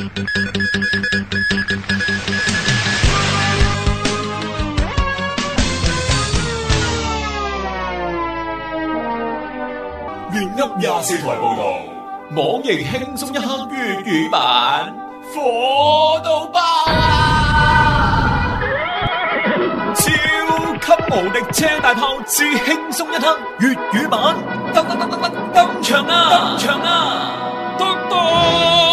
粵音廿四台報道，網易輕鬆一刻粵語版，火到爆啊！ 超級無敵車大炮至輕鬆一刻粵語版，登登登登噔登場啊！登場啊！噔噔。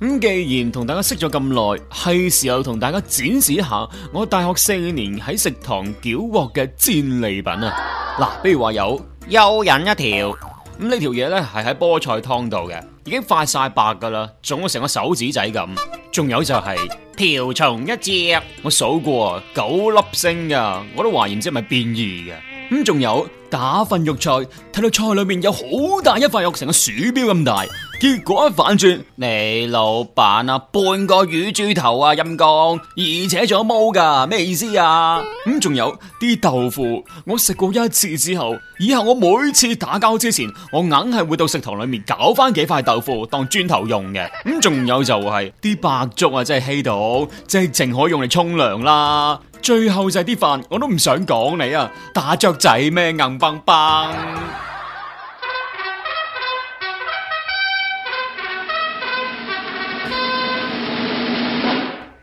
咁既然同大家識咗咁耐，係時候同大家展示一下我大學四年喺食堂繳獲嘅戰利品啊！嗱，比如話有蚯蚓一條，咁、嗯、呢條嘢咧係喺菠菜湯度嘅，已經快晒白噶啦，腫咗成個手指仔咁。仲有就係瓢蟲一隻，我數過啊，九粒星噶，我都懷疑唔知係咪變異嘅。咁、嗯、仲有打份肉菜，睇到菜裏面有好大一塊肉，成個鼠標咁大。結果一反轉，你老闆啊，半個乳豬頭啊陰公，而且仲有毛噶，咩意思啊？咁仲、嗯、有啲豆腐，我食過一次之後，以後我每次打交之前，我硬係會到食堂裏面搞翻幾塊豆腐當磚頭用嘅。咁、嗯、仲有就係、是、啲白粥啊，真係稀到，即係淨可以用嚟沖涼啦。最後就係啲飯，我都唔想講你啊，打雀仔咩？硬崩崩。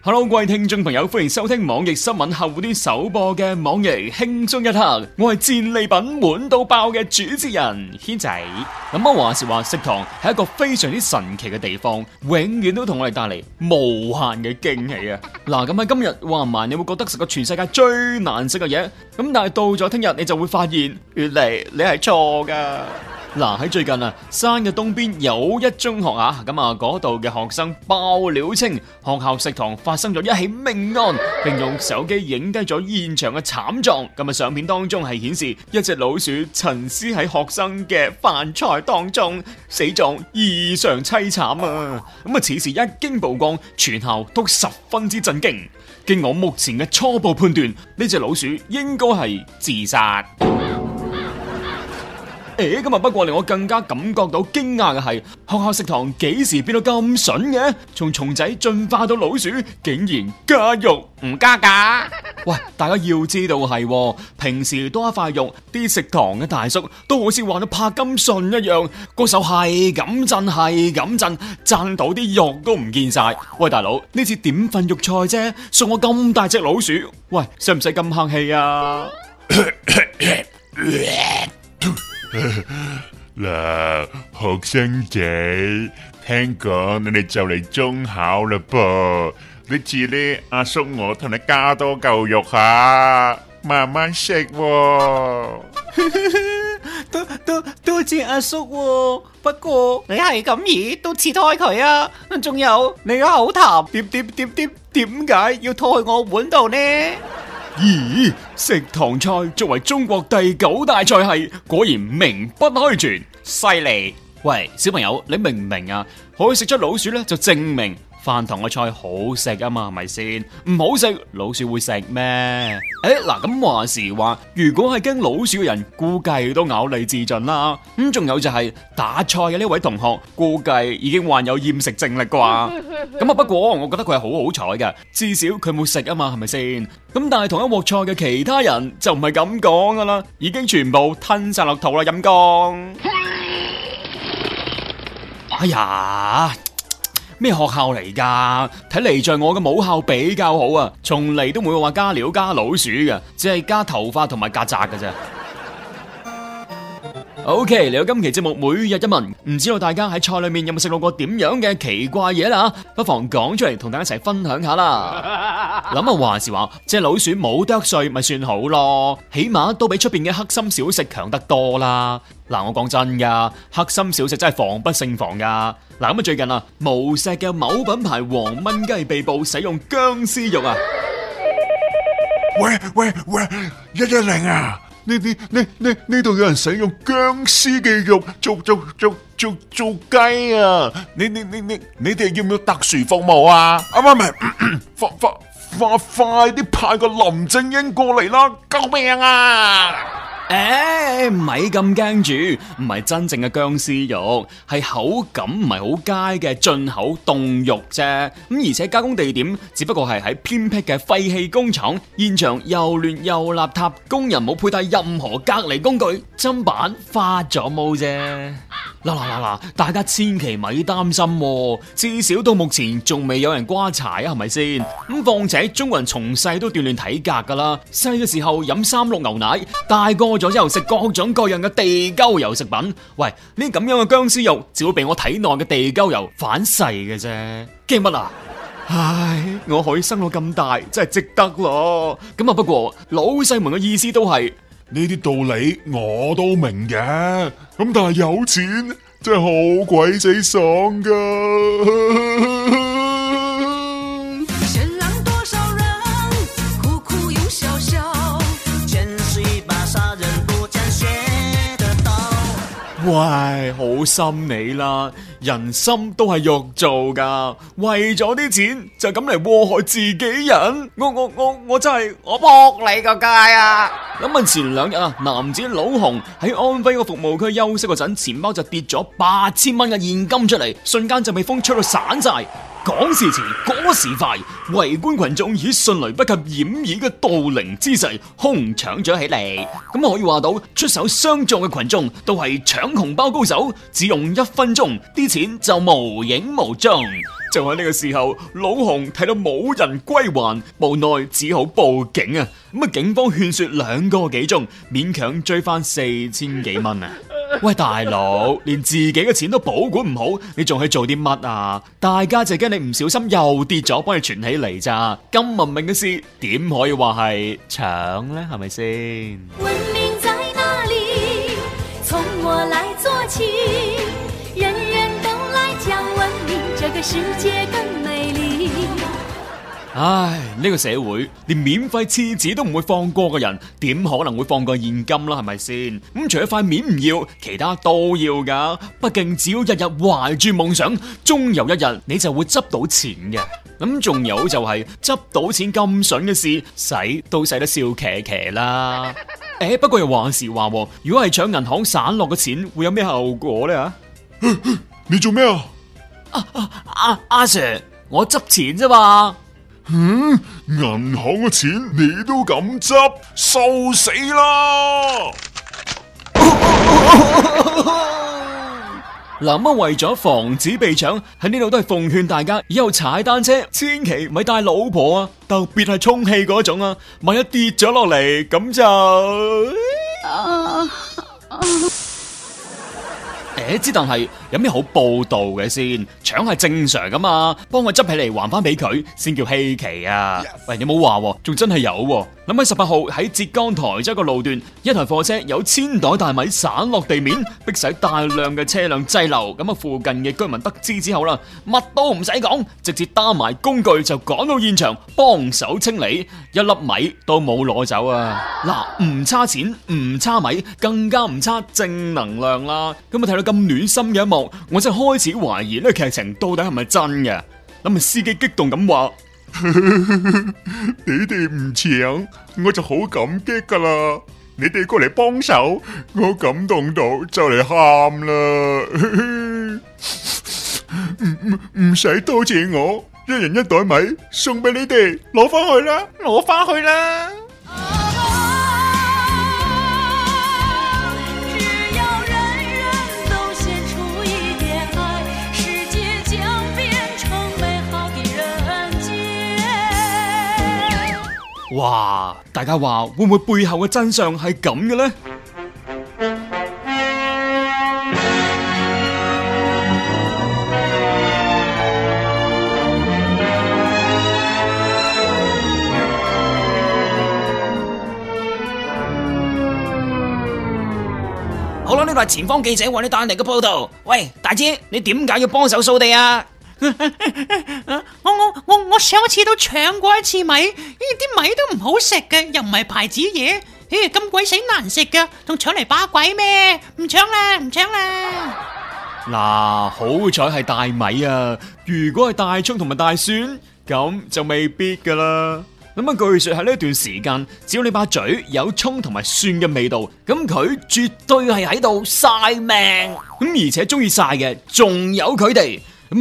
hello，各位聽眾朋友，歡迎收聽網易新聞客戶端首播嘅網易輕鬆一刻，我係戰利品滿到爆嘅主持人軒仔。咁啊話時話，食堂係一個非常之神奇嘅地方，永遠都同我哋帶嚟無限嘅驚喜啊！嗱，咁喺今日話唔埋你會覺得食個全世界最難食嘅嘢，咁但係到咗聽日，你就會發現，原嚟你係錯噶。嗱喺最近啊，山嘅東邊有一中學啊，咁啊嗰度嘅學生爆料稱，學校食堂發生咗一起命案，並用手機影低咗現場嘅慘狀。咁、嗯、啊，相片當中係顯示一隻老鼠陳屍喺學生嘅飯菜當中，死狀異常淒慘啊！咁、嗯、啊，此事一經曝光，全校都十分之震驚。經我目前嘅初步判斷，呢隻老鼠應該係自殺。誒，今日不過令我更加感覺到驚訝嘅係，學校食堂幾時變到咁筍嘅？從蟲仔進化到老鼠，竟然加肉唔加價？喂，大家要知道係平時多一塊肉，啲食堂嘅大叔都好似玩到帕金遜一樣，個手係咁震係咁震，震到啲肉都唔見晒。喂，大佬呢次點份肉菜啫，送我咁大隻老鼠，喂，使唔使咁客氣啊？嗱，學生仔，聽講你哋就嚟中考啦噃，呢次咧，阿叔我同你加多舊肉下，慢慢食喎。多多多謝阿叔喎，不過你係咁意都切開佢啊？仲有你個口痰點點點點，點解要拖去我碗度呢？咦？食堂菜作為中國第九大菜系，果然名不虛傳，犀利！喂，小朋友，你明唔明啊？可以食出老鼠咧，就證明，飯堂嘅菜好食啊嘛，係咪先？唔好食，老鼠會食咩？誒，嗱咁話時話，如果係驚老鼠嘅人，估計都咬脷自盡啦。咁仲有就係打菜嘅呢位同學，估計已經患有厭食症力啩。咁啊，不過我覺得佢係好好彩㗎，至少佢冇食啊嘛，係咪先？咁但係同一鑊菜嘅其他人就唔係咁講噶啦，已經全部吞晒落肚啦，飲光。哎呀！咩學校嚟噶？睇嚟在我嘅母校比較好啊，從嚟都冇話加鳥加老鼠嘅，只係加頭髮同埋曱甴嘅啫。O K，嚟到今期節目每日一問，唔知道大家喺菜裏面有冇食到過點樣嘅奇怪嘢啦？不妨講出嚟同大家一齊分享下啦。諗下話時話，即係老鼠冇得碎，咪算好咯，起碼都比出邊嘅黑心小食強得多啦。嗱、呃，我講真噶，黑心小食真係防不勝防噶、啊。嗱、呃，咁啊最近啊，無錫嘅某品牌黃燜雞被捕使用僵屍肉啊！喂喂喂，一一零啊！呢啲呢呢呢度有人使用僵屍嘅肉做做做做做雞啊！你你你你你哋要唔要特殊服務啊？啊，唔係，快快快快啲派個林正英過嚟啦！救命啊！誒，唔係咁驚住，唔係真正嘅僵屍肉，係口感唔係好佳嘅進口凍肉啫。咁而且加工地點只不過係喺偏僻嘅廢棄工廠，現場又亂又邋遢，工人冇佩戴任何隔離工具，砧板花咗毛啫。嗱嗱嗱嗱，大家千祈咪擔心啊，至少到目前仲未有人瓜柴啊，係咪先？咁況且中國人從細都鍛煉體格噶啦，細嘅時候飲三鹿牛奶，大個。咗之後食各種各樣嘅地溝油食品，喂，呢咁樣嘅殭屍肉只會俾我體內嘅地溝油反噬嘅啫。驚乜啊？唉，我可以生到咁大，真係值得咯。咁啊，不過老細們嘅意思都係呢啲道理我都明嘅，咁但係有錢真係好鬼死爽噶。 喂，好心你啦，人心都係肉做噶，為咗啲錢就咁嚟禍害自己人，我我我我真係我扑你個街啊！諗下前兩日啊，男子老熊喺安徽個服務區休息嗰陣，錢包就跌咗八千蚊嘅現金出嚟，瞬間就被風吹到散晒。講時遲，講時快，圍觀群眾以迅雷不及掩耳嘅盜鈴姿勢，哄搶咗起嚟。咁可以話到，出手相助嘅群眾都係搶紅包高手，只用一分鐘，啲錢就無影無蹤。就喺呢個時候，老洪睇到冇人歸還，無奈只好報警啊！咁啊，警方勸說兩個幾鐘，勉強追翻四千幾蚊。喂，大佬，連自己嘅錢都保管唔好，你仲去做啲乜啊？大家就驚你唔小心又跌咗，幫你存起嚟咋？咁文明嘅事，點可以話係搶呢？係咪先？文明在哪裡？從我來做起，人人都來講文明，這個世界更美麗。唉，呢個社會連免費廁紙都唔會放過嘅人，點可能會放過現金啦？係咪先？咁除咗塊面唔要，其他都要噶。畢竟只要日日懷住夢想，終有一日你就會執到錢嘅。咁仲有就係執到錢咁筍嘅事，使都使得笑騎騎啦。誒，不過又話時話，如果係搶銀行散落嘅錢，會有咩後果咧？啊！你做咩啊？阿阿阿 Sir，我執錢啫嘛。嗯，銀行嘅錢你都敢執，受死啦！嗱，嘛為咗防止被搶，喺呢度都係奉勸大家以後踩單車，千祈唔咪帶老婆啊，特別係充氣嗰種啊，萬一跌咗落嚟咁就。 知，但係有咩好報道嘅先？搶係正常噶嘛？幫佢執起嚟還翻俾佢，先叫稀奇啊！Yes. 喂，你冇話喎，仲真係有喎。諗喺十八號喺浙江台州嘅一個路段，一台貨車有千袋大米散落地面，迫使大量嘅車輛滯留。咁啊，附近嘅居民得知之後啦，乜都唔使講，直接擔埋工具就趕到現場幫手清理，一粒米都冇攞走啊！嗱、啊，唔差錢，唔差米，更加唔差正能量啦！咁啊，睇到咁暖心嘅一幕，我真係開始懷疑呢個劇情到底係咪真嘅？諗住司機激動咁話。 你哋唔請，我就好感激噶啦。你哋過嚟幫手，我感動到就嚟喊啦。唔唔唔使多謝我，一人一袋米送俾你哋，攞翻去啦，攞翻去啦。哇！大家話會唔會背後嘅真相係咁嘅咧？好啦，呢度係前方記者為你帶嚟嘅報道。喂，大姐，你點解要幫手掃地啊？ 我我我我上一次都搶過一次米，咦、哎，啲米都唔好食嘅，又唔係牌子嘢，咦、哎、咁鬼死難食嘅，仲搶嚟把鬼咩？唔搶啦，唔搶啦！嗱、啊，好彩係大米啊，如果係大蔥同埋大蒜，咁就未必噶啦。咁啊，據說喺呢段時間，只要你把嘴有蔥同埋蒜嘅味道，咁佢絕對係喺度晒命，咁而且中意晒嘅仲有佢哋。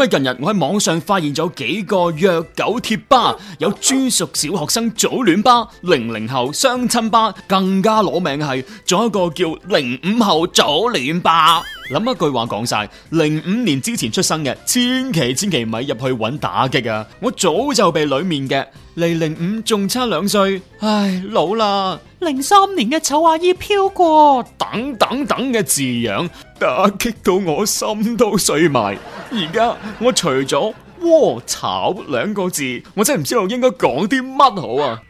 近日我喺網上發現咗幾個虐狗貼吧，有專屬小學生早戀吧、零零後相親吧，更加攞命係，仲有一個叫零五後早戀吧。諗一句話講晒，零五年之前出生嘅，千祈千祈唔係入去揾打擊啊！我早就被裏面嘅離零五仲差兩歲，唉老啦，零三年嘅醜阿姨飄過，等等等嘅字樣，打擊到我心都碎埋。而家我除咗。臥槽兩個字，我真係唔知道應該講啲乜好啊！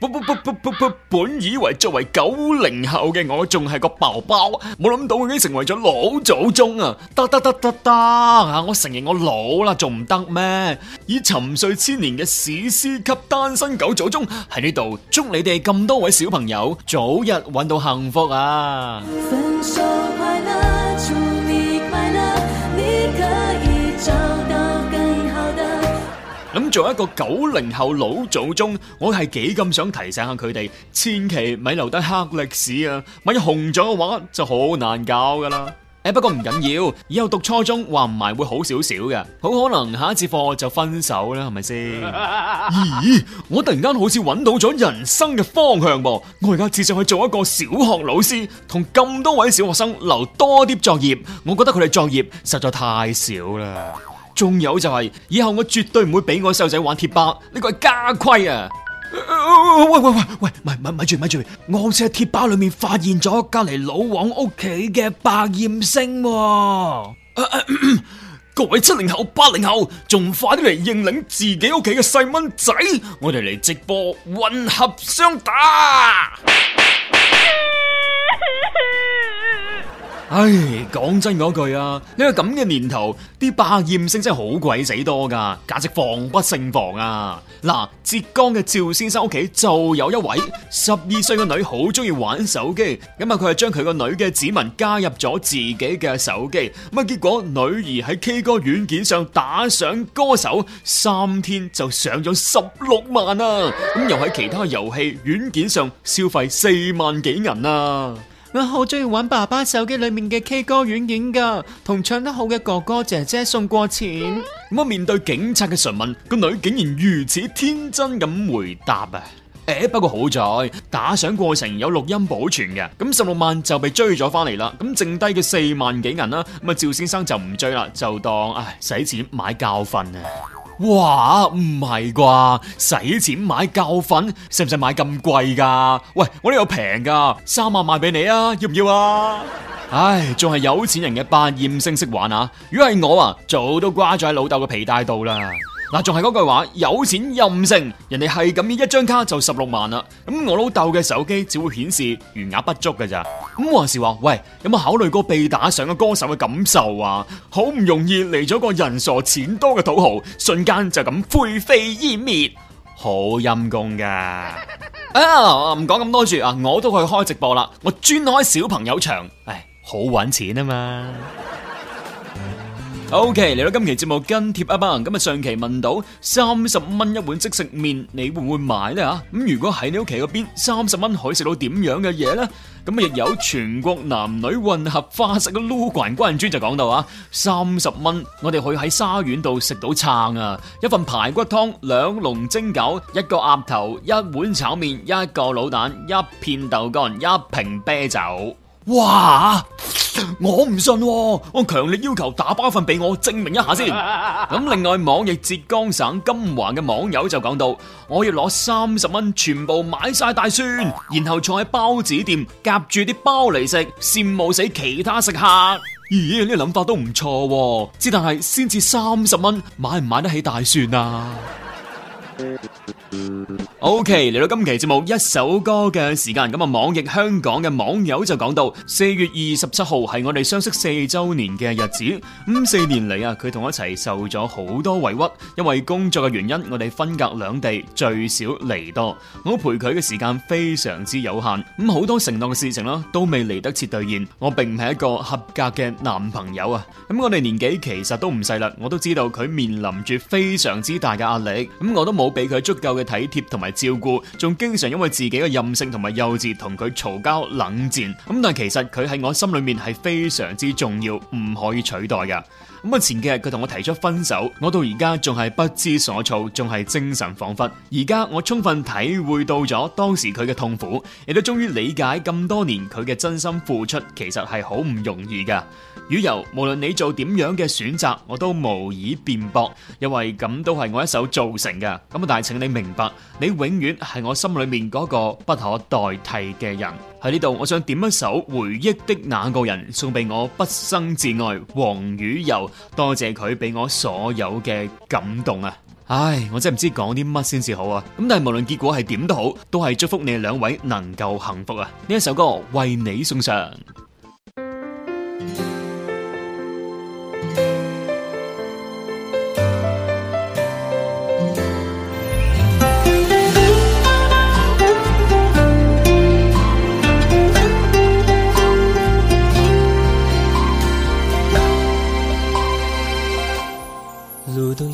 本以為作為九零後嘅我仲係個寶寶，冇諗到已經成為咗老祖宗啊！得得得得得啊！我承認我老啦，仲唔得咩？以沉睡千年嘅史詩級單身狗祖宗喺呢度，祝你哋咁多位小朋友早日揾到幸福啊！做一個九零後老祖宗，我係幾咁想提醒下佢哋，千祈咪留低黑歷史啊！咪紅咗嘅話就好難搞噶啦。誒， 不過唔緊要，以後讀初中話唔埋會好少少嘅，好可能下一節課就分手啦，係咪先？ 咦，我突然間好似揾到咗人生嘅方向噃！我而家只想去做一個小學老師，同咁多位小學生留多啲作業，我覺得佢哋作業實在太少啦。仲有就係、是，以後我絕對唔會俾我細仔玩貼吧，呢個係家規啊！喂喂喂喂，咪咪咪住咪住，我好似喺貼吧裏面發現咗隔籬老王屋企嘅百厭星喎、啊呃呃！各位七零後、八零後，仲快啲嚟認領自己屋企嘅細蚊仔，我哋嚟直播混合雙打。 唉，講真嗰句啊，呢個咁嘅年頭，啲百厭星真係好鬼死多噶，簡直防不勝防啊！嗱，浙江嘅趙先生屋企就有一位十二歲嘅女，好中意玩手機，咁啊佢係將佢個女嘅指紋加入咗自己嘅手機，咁啊結果女兒喺 K 歌軟件上打賞歌手，三天就上咗十六萬啊，咁又喺其他遊戲軟件上消費四萬幾銀啊！我好中意玩爸爸手機裏面嘅 K 歌軟件噶，同唱得好嘅哥哥姐姐送過錢。咁、嗯、面對警察嘅詢問，個女竟然如此天真咁回答啊！誒、欸，不過好在打賞過程有錄音保存嘅，咁十六萬就被追咗翻嚟啦。咁剩低嘅四萬幾銀啦，咁啊趙先生就唔追啦，就當唉使錢買教訓啊！哇，唔係啩？使錢買教訓，使唔使買咁貴噶？喂，我呢有平噶，三萬賣俾你啊，要唔要啊？ 唉，仲係有錢人嘅百厭星識玩啊！如果係我啊，早都瓜咗喺老豆嘅皮帶度啦。嗱，仲係嗰句話，有錢任性，人哋係咁，一張卡就十六萬啦。咁我老豆嘅手機只會顯示餘額不足噶咋？咁話時話，喂，有冇考慮過被打賞嘅歌手嘅感受啊？好唔容易嚟咗個人傻錢多嘅土豪，瞬間就咁灰飛煙滅，好陰功噶啊！唔講咁多住啊，我都去開直播啦，我專開小朋友場，唉，好搵錢啊嘛。O.K. 嚟到今期節目跟帖啊班，咁啊上期問到三十蚊一碗即食麵，你會唔會買咧嚇？咁如果喺你屋企嗰邊三十蚊可以食到點樣嘅嘢咧？咁啊亦有全國男女混合花式嘅擼管關磚就講到啊，三十蚊我哋可以喺沙縣度食到撐啊一份排骨湯、兩籠蒸餃、一個鴨頭、一碗炒麵、一個滷蛋、一片豆乾、一瓶啤酒。哇！我唔信、啊,我強烈要求打包份俾我證明一下先。咁另外，網易浙江省金華嘅網友就講到：我要攞三十蚊全部買晒大蒜，然後坐喺包子店夾住啲包嚟食，羨慕死其他食客。咦、欸、呢、這個諗法都唔錯、啊，之但係先至三十蚊，買唔買得起大蒜啊？O K 嚟到今期節目一首歌嘅時間，咁啊網易香港嘅網友就講到四月二十七號係我哋相識四週年嘅日子，咁、嗯、四年嚟啊，佢同我一齊受咗好多委屈，因為工作嘅原因，我哋分隔兩地，聚少離多，我陪佢嘅時間非常之有限，咁、嗯、好多承諾嘅事情啦都未嚟得切兌現，我並唔係一個合格嘅男朋友啊，咁、嗯、我哋年紀其實都唔細啦，我都知道佢面臨住非常之大嘅壓力，咁、嗯、我都冇。俾佢足夠嘅體貼同埋照顧，仲經常因為自己嘅任性同埋幼稚同佢嘈交冷戰。咁但其實佢喺我心裏面係非常之重要，唔可以取代㗎。咁啊，前幾日佢同我提出分手，我到而家仲係不知所措，仲係精神恍惚。而家我充分體會到咗當時佢嘅痛苦，亦都終於理解咁多年佢嘅真心付出，其實係好唔容易噶。雨柔，無論你做點樣嘅選擇，我都無以辯駁，因為咁都係我一手造成嘅。咁啊，但係請你明白，你永遠係我心裏面嗰個不可代替嘅人。喺呢度，我想點一首回憶的那個人，送俾我畢生至愛黃宇柔，多謝佢俾我所有嘅感動啊！唉，我真係唔知講啲乜先至好啊！咁但係無論結果係點都好，都係祝福你兩位能夠幸福啊！呢一首歌為你送上。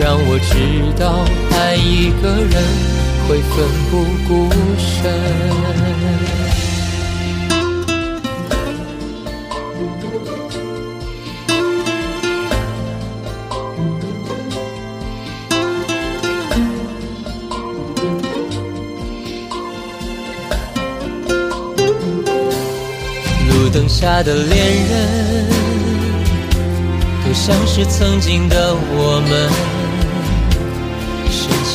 讓我知道愛一個人會奮不顧身。路燈下的戀人，多像是曾經的我們。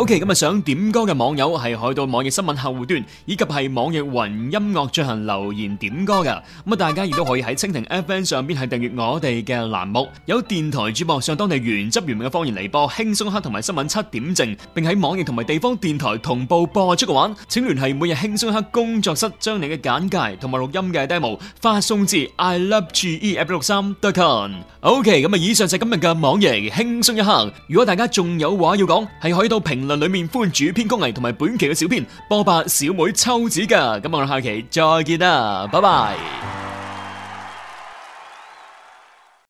O.K. 咁啊，想點歌嘅網友係可以到網易新聞客戶端以及係網易雲音樂進行留言點歌噶。咁啊，大家亦都可以喺蜻蜓 FM 上邊係訂閱我哋嘅欄目，有電台主播上當地原汁原味嘅方言嚟播輕鬆一刻同埋新聞七點正，並喺網易同埋地方電台同步播出嘅話，請聯繫每日輕鬆一刻工作室，將你嘅簡介同埋錄音嘅 demo 發送至 I Love GE F 六三 dot com。O.K. 咁啊，以上就係今日嘅網易輕鬆一刻。如果大家仲有話要講，係可以到評。論裏面歡主編曲藝同埋本期嘅小編波伯、小妹秋子噶，咁我哋下期再見啦，拜拜。